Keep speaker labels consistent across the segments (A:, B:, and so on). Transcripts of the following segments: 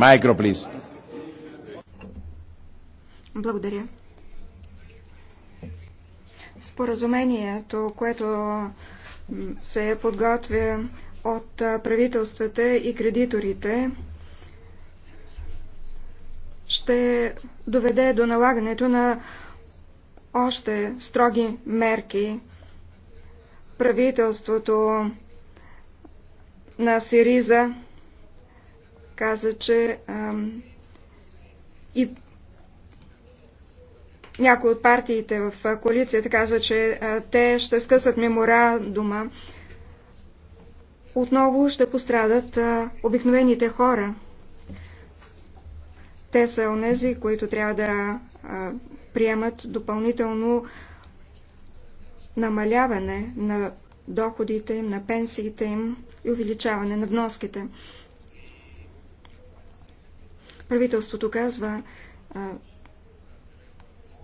A: Майкро, плиз. Благодаря. Споразумението, което се подготвя от правителствата и кредиторите, ще доведе до налагането на още строги мерки. Правителството на Сириза каза, че и някои от партиите в коалицията казва, че те ще скъсат меморандума. Отново ще пострадат обикновените хора. Те са онези, които трябва да приемат допълнително намаляване на доходите им, на пенсиите им и увеличаване на вноските. Правителството казва,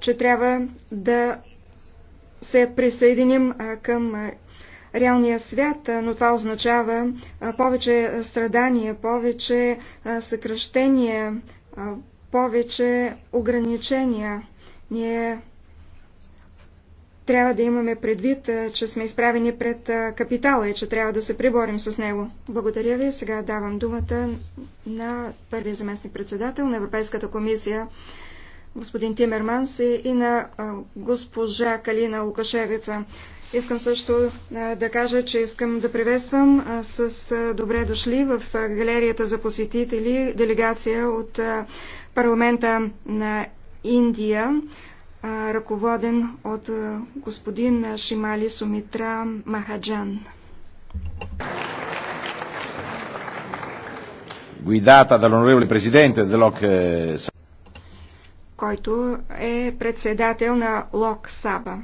A: че трябва да се присъединим към реалния свят, но това означава повече страдания, повече съкръщения, повече ограничения. Ние трябва да имаме предвид, че сме изправени пред капитала и че трябва да се приборим с него. Благодаря ви. Сега давам думата на първия заместник председател на Европейската комисия, господин Тимерманс и на госпожа Калина Лукашевица. Искам също да кажа, че искам да приветствам с добре дошли в галерията за посетители делегация от парламента на Индия, ръководен от господин Шимали Сумитра Махаджан. Guidata dall'onorevole presidente dell'OC eh, който е председател на Лок Саба.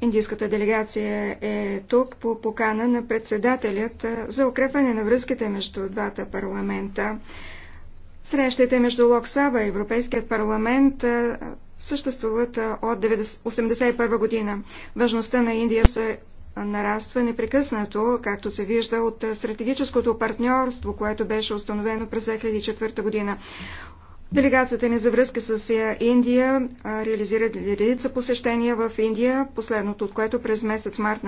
A: Индийската делегация е тук по покана на председателят за укрепване на връзките между двата парламента. Срещите между Локсава и Европейският парламент съществуват от 1981 година. Важността на Индия се нараства непрекъснато, както се вижда от стратегическото партньорство, което беше установено през 2004 година. Делегацията ни за връзка с Индия реализира редица посещения в Индия, последното от което през месец март